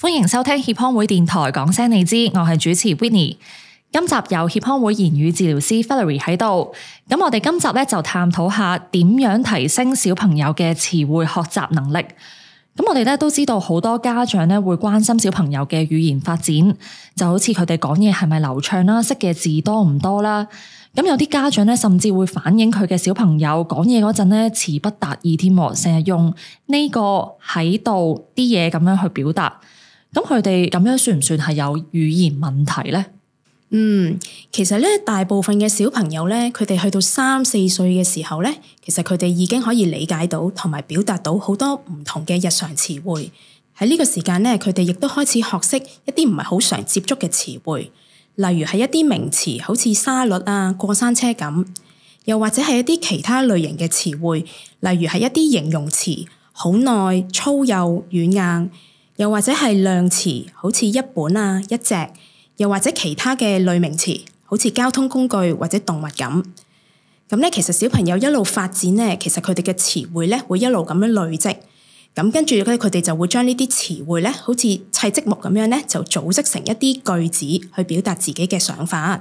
歡迎收聽協康會電台，講聲你知，我係主持 Winnie。今集由協康會言語治療師 Valerie 喺度。咁我哋今集咧就探討下點樣提升小朋友嘅詞彙學習能力。咁我哋咧都知道好多家長咧會關心小朋友嘅語言發展，就好似佢哋講嘢係咪流暢啦，識嘅字多唔多啦。咁有啲家長咧甚至會反映佢嘅小朋友講嘢嗰陣咧詞不達意，添成日用呢個喺度啲嘢咁樣去表達。咁佢哋咁樣算唔算係有語言問題呢？嗯，其實咧，大部分嘅小朋友咧，佢哋去到三四歲嘅時候咧，其實佢哋已經可以理解到同埋表達到好多唔同嘅日常詞彙。喺呢個時間咧，佢哋亦都開始學識一啲唔係好常接觸嘅詞彙，例如係一啲名詞，好似沙律啊、過山車咁，又或者係一啲其他類型嘅詞彙，例如係一啲形容詞，好耐、粗幼、軟硬。又或者係量詞，好似一本啊、一隻，又或者其他嘅類名詞，好似交通工具或者動物咁。咁咧，其實小朋友一路發展咧，其實佢哋嘅詞彙咧會，會一路咁樣累積。咁跟住咧，佢哋就會將呢啲詞彙咧，好似砌積木咁樣咧，就組織成一啲句子去表達自己嘅想法。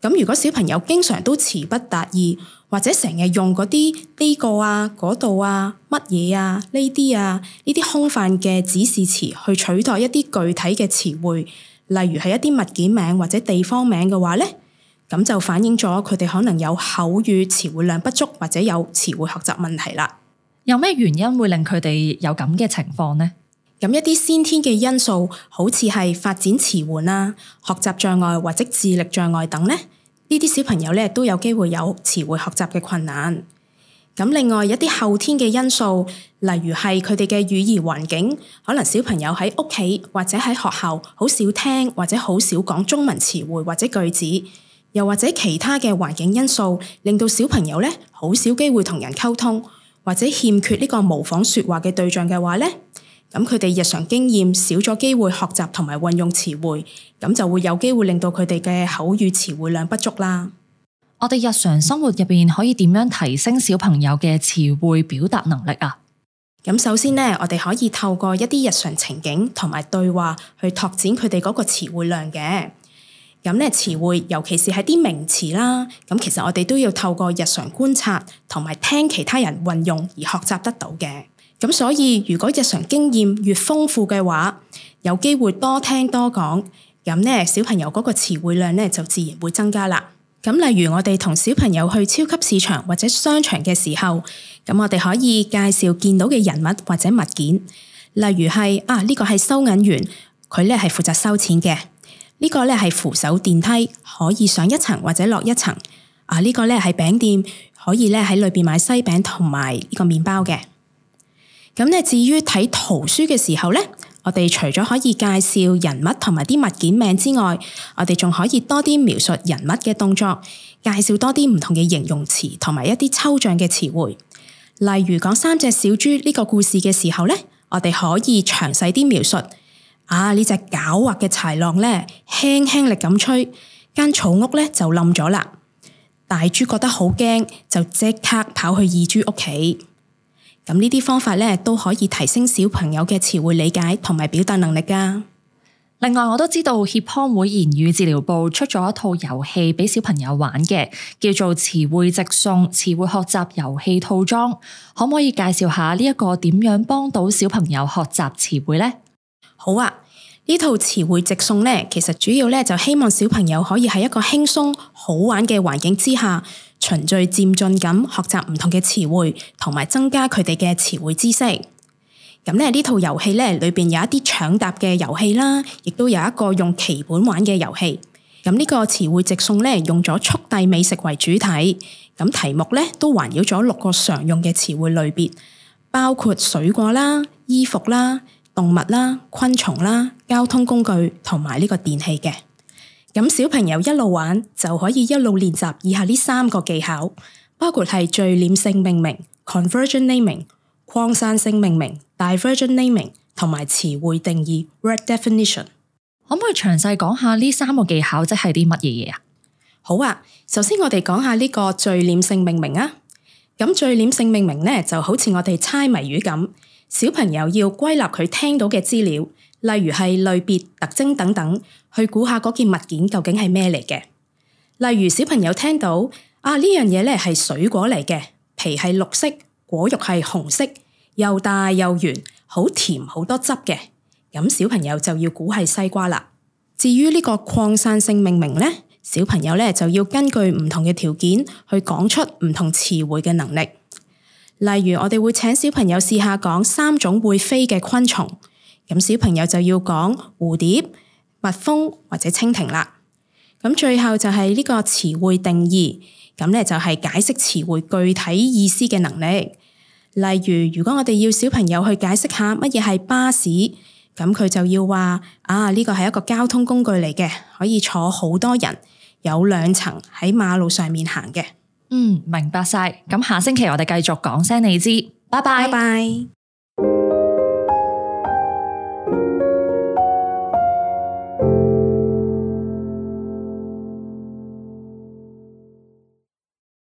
咁如果小朋友經常都詞不達意，或者成日用嗰啲呢個啊、嗰度啊、乜嘢啊、呢啲啊、呢啲空泛嘅指示詞去取代一啲具體嘅詞彙，例如係一啲物件名或者地方名嘅話咧，咁就反映咗佢哋可能有口語詞彙量不足或者有詞彙學習問題啦。有咩原因會令佢哋有咁嘅情況呢？咁一啲先天嘅因素好似係發展遲緩啊、學習障礙或者智力障礙等呢，呢啲小朋友咧都有機會有詞彙學習嘅困難。咁另外一啲後天嘅因素，例如係佢哋嘅語言環境，可能小朋友喺屋企或者喺學校好少聽或者好少講中文詞彙或者句子，又或者其他嘅環境因素，令到小朋友咧好少機會同人溝通，或者欠缺呢個模仿説話嘅對象嘅話咧。咁佢哋日常經驗少咗機會學習同埋運用詞彙，咁就會有機會令到佢哋嘅口語詞彙量不足啦。我哋日常生活入面可以點樣提升小朋友嘅詞彙表達能力啊？咁首先呢，我哋可以透過一啲日常情景同埋對話去拓展佢哋嗰個詞彙量嘅。咁咧，詞彙尤其是係啲名詞啦，咁其實我哋都要透過日常觀察同埋聽其他人運用而學習得到嘅。咁所以，如果日常經驗越豐富嘅話，有機會多聽多講，咁呢，小朋友嗰個詞彙量呢，就自然會增加啦。咁例如我哋同小朋友去超級市場或者商場嘅時候，咁我哋可以介紹見到嘅人物或者物件，例如係啊，呢個係收銀員，佢咧係負責收錢嘅。呢個咧係扶手電梯，可以上一層或者落一層。啊，呢個咧係餅店，可以咧喺裏邊買西餅同埋呢個麵包嘅。咁咧，至於睇圖書嘅時候咧，我哋除咗可以介紹人物同埋啲物件名之外，我哋仲可以多啲描述人物嘅動作，介紹多啲唔同嘅形容詞同埋一啲抽象嘅詞彙。例如講三隻小豬呢個故事嘅時候咧，我哋可以詳細啲描述。啊，呢隻狡猾嘅豺狼咧，輕輕力咁吹間草屋咧就冧咗啦。大豬覺得好驚，就即刻跑去二豬屋企。咁呢啲方法咧都可以提升小朋友嘅詞彙理解同埋表達能力噶。另外我都知道協康會言語治療部出咗一套遊戲俾小朋友玩嘅，叫做詞彙直送：詞彙學習遊戲套裝。可唔可以介紹下呢一個點樣幫到小朋友學習詞彙呢？好啊，呢套詞彙直送咧，其實主要咧就希望小朋友可以喺一個輕鬆好玩嘅環境之下。循序漸進咁學習唔同嘅詞彙，同埋增加佢哋嘅詞彙知識。咁咧呢套遊戲咧裏邊有一啲搶答嘅遊戲啦，亦都有一個用棋盤玩嘅遊戲。咁呢個詞彙直送咧用咗速遞美食為主題。咁題目咧都環繞咗六個常用嘅詞彙類別，包括水果啦、衣服啦、動物啦、昆蟲啦、交通工具同埋呢個電器嘅。咁小朋友一路玩就可以一路練習以下呢三個技巧，包括係聚斂性命名 （convergent naming）、擴散性命名 （divergent naming） 同埋詞彙定義 （word definition）。Red Defin 可唔可以詳細講下呢三個技巧即係啲乜嘢嘢啊？好啊，首先我哋講下呢個聚斂性命名啊。咁聚斂性命名呢，就好似我哋猜謎語咁，小朋友要歸納佢聽到嘅資料。例如係類別、特徵等等，去估下嗰件物件究竟係咩嚟嘅。例如小朋友聽到啊，呢樣嘢咧係水果嚟嘅，皮係綠色，果肉係紅色，又大又圓，好甜好多汁嘅。咁小朋友就要估係西瓜啦。至於呢個擴散性命名咧，小朋友咧就要根據唔同嘅條件去講出唔同詞彙嘅能力。例如我哋會請小朋友試下講三種會飛嘅昆蟲。咁小朋友就要講蝴蝶、蜜蜂或者蜻蜓啦。咁最後就係呢個詞彙定義，咁咧就係解釋詞彙具體意思嘅能力。例如，如果我哋要小朋友去解釋下乜嘢係巴士，咁佢就要話，啊，呢個係一個交通工具嚟嘅，可以坐好多人，有兩層喺馬路上面行嘅。嗯，明白晒。咁下星期我哋繼續講聲你知，拜拜拜拜。Bye bye